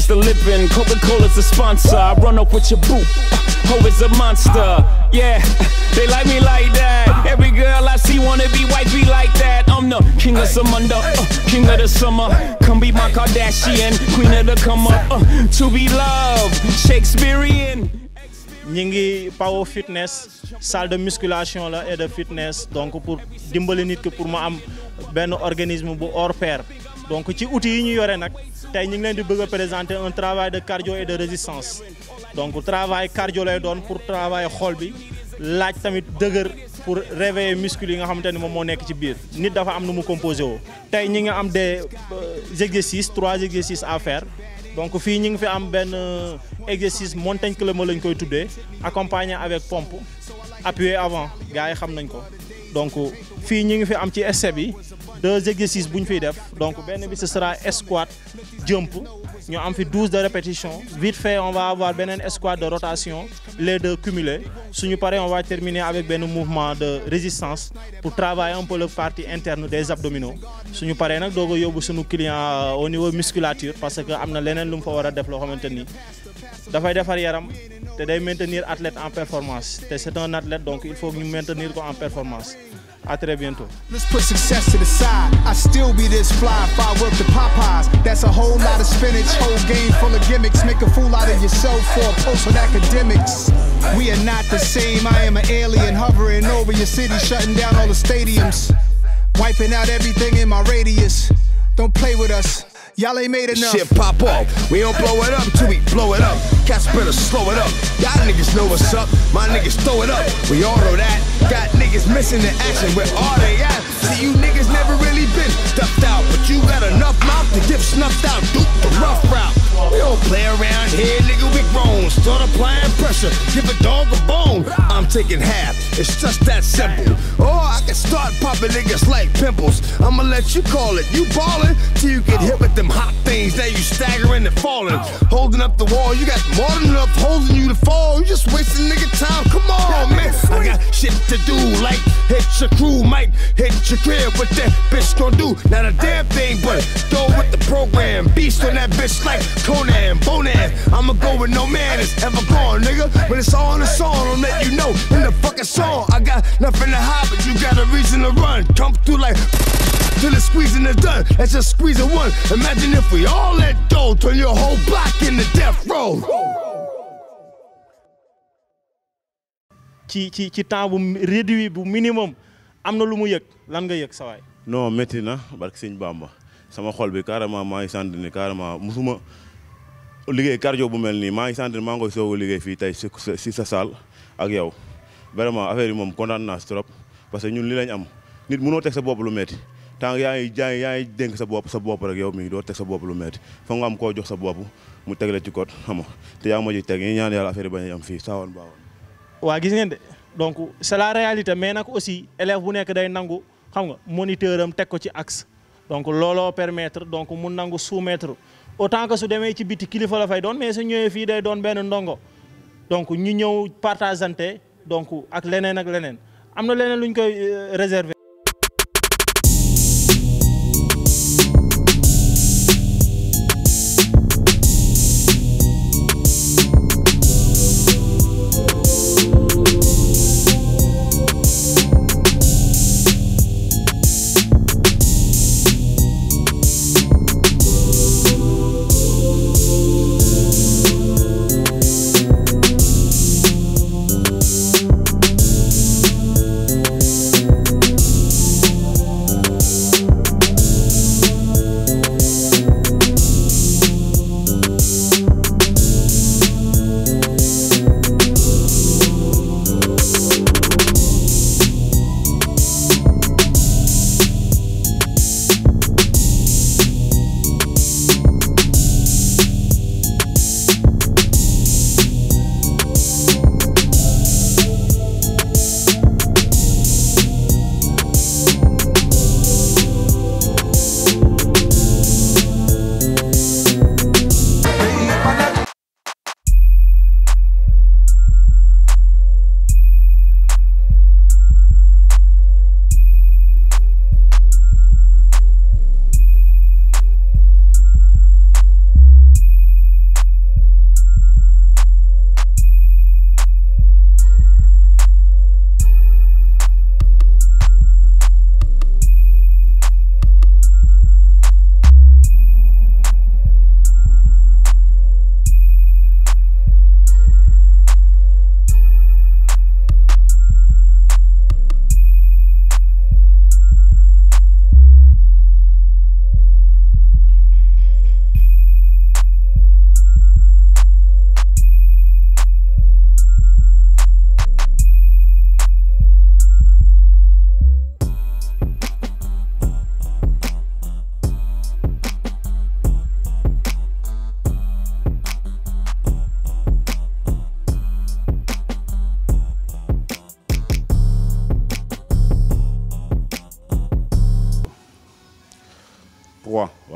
is the living, the sponsor. I run up with your boot, ho is a monster. Yeah, be white, be like the king of Samunda, uh, king of the summer. Come be my queen of the come up. Uh, to ñi ngi Power Fitness salle de musculation la et de fitness donc pour dimbali nit ki pour mu am benn organisme bu hors pair donc ci outils yi ñu yore nag tey ñu ngi leen di bëgg a présenter un travail de cardio et de résistance donc travail cardio lay doon pour travail xool bi laaj tamit dëgër pour réveiller muscles yi nga xamante ni moom moo nekk ci biir nit dafa am nu mu composé woo tey ñi ngi am des euh, exercices trois exercices à faire donc fii ñu ngi fi am benn euh, exercice montagne clamé lañ koy tuddee accompagné avec pompe appuyé avant gars yi xam nañ ko donc fii ñu ngi fi am ci deux exercices bu ñu fiy def donc benn bista ce sera squat jump ñu am fi douze de répétition vite fait on va avoir beneen squat de rotation les deux cumulés suñu paree on va terminer avec benn mouvement de résistance pour travailler un peu la partie interne des su ñu paree nag doog a yóbbu suñu client euh, au niveau musculature parce que am na leneen lu mu fa war a def loo xamante ni dafay defar yaram te day maintenir athlète en performance te c'est un athlète faut ñu maintenir ko en performance À très bientôt. Let's put success to the side. I still be this fly if I work the Popeyes. That's a whole lot of spinach, whole game full of gimmicks. Make a fool out of yourself for a post on academics. We are not the same. I am an alien hovering over your city, shutting down all the stadiums, wiping out everything in my radius. Don't play with us. Y'all ain't made enough. Shit pop off. We don't blow it up till we blow it up. Cats better slow it up. Y'all niggas know what's up. My niggas throw it up. We all know that. Got niggas missing the action. Where are they at? See, you niggas never really we been stuffed out, but you got enough mouth to get snuffed out. Duke the rough route. We don't play around here, nigga, we grown. Start applying pressure, give a dog a bone. I'm taking half, it's just that simple. Or I can start popping niggas like pimples. I'ma let you call it, you ballin' till you get hit with them hot things. Now you staggering and falling. Holding up the wall, you got more than enough holding you to fall. You just wasting nigga time, come on, man. bitch gon' do? Not a damn thing, but go with the program. Beast on that bitch like Conan, Bonan. I'ma go with no man is ever gone, nigga. When it's on, it's on. I'll let you know in the fucking song. I got nothing to hide, but you got a reason to run. Come through like till the squeezing is done. That's just squeezing one. Imagine if we all let go, turn your whole block into death row. ci ci ci temps bu réduit bu minimum am na lu mu yëg lan nga yëg sawaay non métti na barke sëñ Bamba sama xol bi carrément maa ngi sant ni carrément musuma liggéey cardio bu mel nii maa ngi sant ni maa ngi soog liggéey fii tey si sa salle ak yow vraiment affaire yi moom kontaan naa si trop parce que ñun li lañ am nit mënoo teg sa bopp lu métti tant yaa ngi jaay yaa ngi dénk sa bopp sa bopp rek yow mi doo teg sa bopp lu métti fa am koo jox sa bopp mu teg la ci code xam nga te yaa ma ci teg ñi ñaan yàlla affaire yi bañ fii saawoon baawoon. waa gis ngeen de donc c'est la réalité mais nag aussi bu nekk day nangu. xam nga moniteur am teg ko ci axe donc looloo permettre donc mun nangu soumettre autant que su demee ci biti kilifa la fay doon mais su ñëwee fii day doon benn ndongo donc ñu ñëw partageante donc ak leneen ak leneen am na leneen lu ñu koy euh, réserver.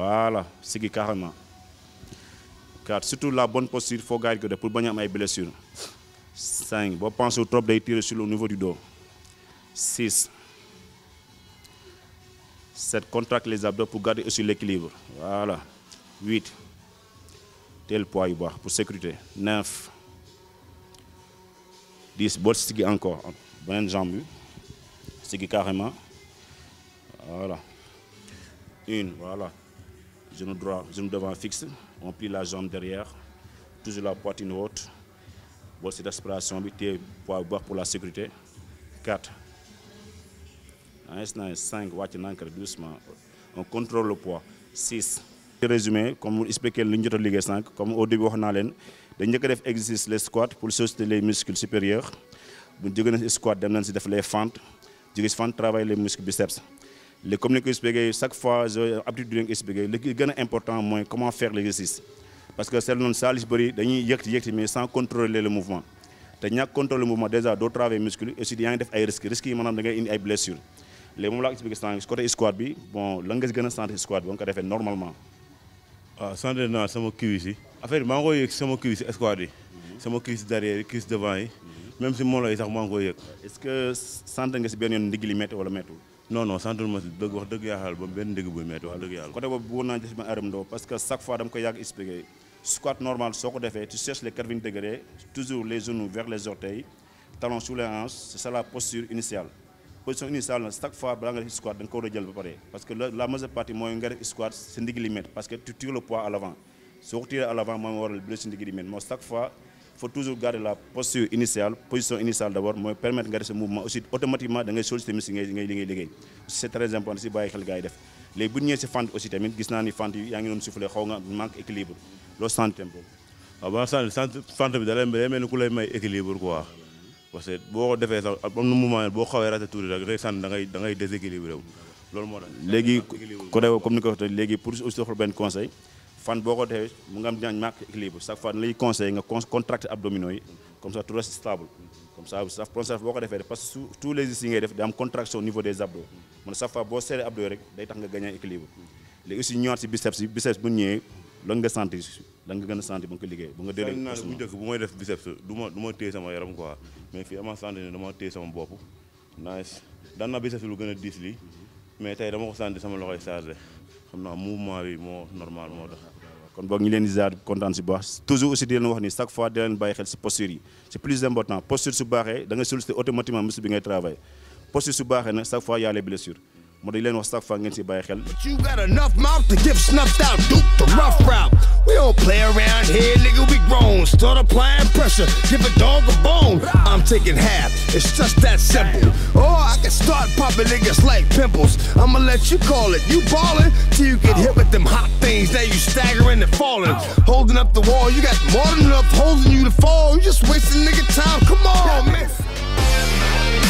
voilà sigi carrément car surtout la bonne posture foo gaañ ko def pour bañ a am ay blessures cinq boo pensé trop day tirer sur le niveau du dos six sept les abdos pour garder aussi l'équilibre voilà huit poids yu baax pour sécurité neuf dix boo sigi encore beneen jambe carrément voilà genou droit, genou devant fixe, on plie la jambe derrière, toujours la poitrine haute, bolsi d'aspiration bi téye poids bu baax pour la sécurité. 4. Nice, nice. 5 wàcc nank rek doucement on contrôle le poids. 6. résumé comme mu expliqué li ñu jot a comme au début wax naa leen dañ njëkk a def exercice les squats pour solliciter les muscles supérieurs bu jóge na dem nañ si def les fentes jóge si fente travailler les muscles biceps. léegi comme ni ko expliqué chaque fois habitude bi nga ko expliqué li gën a important mooy comment faire l'exercice parce que seetlu noonu saal yu bëri dañuy yëkkati yëkkati mais sans contrôler le mouvement te ñàkk contrôler le mouvement déjà doo travailler muscle aussi yaa ngi def ay risques risques yi maanaam da indi ay blessures léegi moom laa ko ah, naa sama cuisse yi affaire bi maa ngi koy yëg sama cuisse squat yi. Mhm. sama cuisse derrière yi cuisse devant yi. Mhm. même si molo yi sax maa ngi koy yëg. est si benn yoon ndigg li non non sentir ma dëgg wax dëgg yàlla ba benn ndig buy metti wax dëgg yàlla côté boobu bëggoon naa def ma aram ndaw parce que chaque fois dama koy yàgg expliqué squat normal soo ko defee tu cherches les 90 degrés toujours les genoux vers les orteils talons sous les hanches c'est ça la posture initiale position initiale nag chaque fois balaa nga def squat da nga ko war a jël ba pare parce que la majeure partie mooy nga def squat sa ndig li métti parce que tu tires le poids à l'avant soo ko tiré à l'avant mooy waral bi la si ndig di métti moo chaque fois faut toujours garder la posture initiale position initiale d' abord mooy permettre nga def sa mouvement aussi automatiquement da ngay sollicité ngay ngay liggéey c' est très important si bàyyi xel gars yi def léegi bu ñu ñëwee si aussi tamit gis naa ni fente yi yaa ngi doon soufflé xaw nga manque équilibre loolu senti tam boobu waaw ah ba sant sant fente bi da lay mel ni ku lay may léegi côté comme ni ko léegi pour aussi fan boo ko defee mu nga am dinañ manque équilibre chaque fois lay conseillé nga contracté abdominaux yi comme ça tout stable comme ça saf boo ko defee rek day tax nga gagné équilibre léegi aussi ñëwaat si biceps yi bu ñëwee lan nga sentir lan nga gën a sentir ba nga ko liggéey ba nga dëgg naa bu njëkk bu may def biceps du ma du sama yaram quoi mais daan naa biceps lu gën a diis lii mais tey dama ko sentir sama loxoy chargé xam naa mouvement bi moo normal moo kon boog ñu leen di ziar kontaan si baax toujours aussi di leen wax ni chaque fois di leen bàyyi xel si posture yi c'est plus important posture su baaxee da nga automatiquement muscle bi ngay travail posture su baaxee nag chaque fois y a moo dañ leen wax chaque fois ngeen si bàyyi xel you got enough mouth to give snuffed out duke the rough route we don't play around here nigga we grown start applying pressure give a dog a bone i'm taking half it's just that simple or i can start popping niggas like pimples i'ma let you call it you ballin' till you get hit with them hot things that you staggering and falling holding up the wall you got more than enough holding you to fall you just wasting nigga time come on